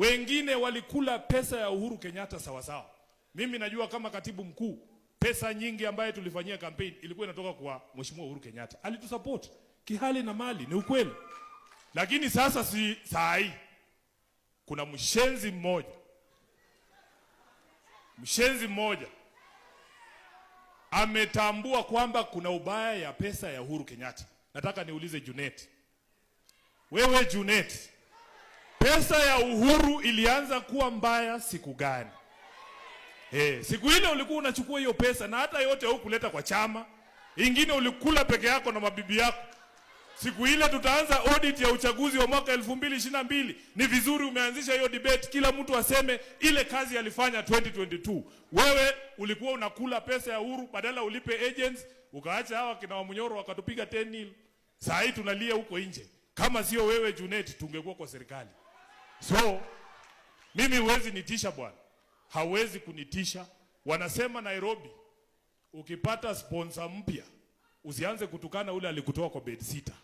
Wengine walikula pesa ya Uhuru Kenyatta sawasawa. Mimi najua kama katibu mkuu, pesa nyingi ambayo tulifanyia kampeni ilikuwa inatoka kwa Mheshimiwa Uhuru Kenyatta. Alitusupport kihali na mali, ni ukweli. Lakini sasa si saa hii, kuna mshenzi mmoja, mshenzi mmoja ametambua kwamba kuna ubaya ya pesa ya Uhuru Kenyatta. Nataka niulize Junet, wewe Junet Pesa ya uhuru ilianza kuwa mbaya siku gani? Hey, eh, siku ile ulikuwa unachukua hiyo pesa na hata yote au kuleta kwa chama, ingine ulikula peke yako na mabibi yako. Siku ile tutaanza audit ya uchaguzi wa mwaka 2022. Ni vizuri umeanzisha hiyo debate, kila mtu aseme ile kazi alifanya 2022. Wewe ulikuwa unakula pesa ya uhuru badala ulipe agents, ukaacha hawa kina Wamunyoro wakatupiga 10 nil. Sasa hii tunalia huko nje. Kama sio wewe Junet, tungekuwa kwa serikali. So mimi huwezi nitisha bwana, hawezi kunitisha. Wanasema Nairobi, ukipata sponsor mpya usianze kutukana ule alikutoa kwa bedsitter.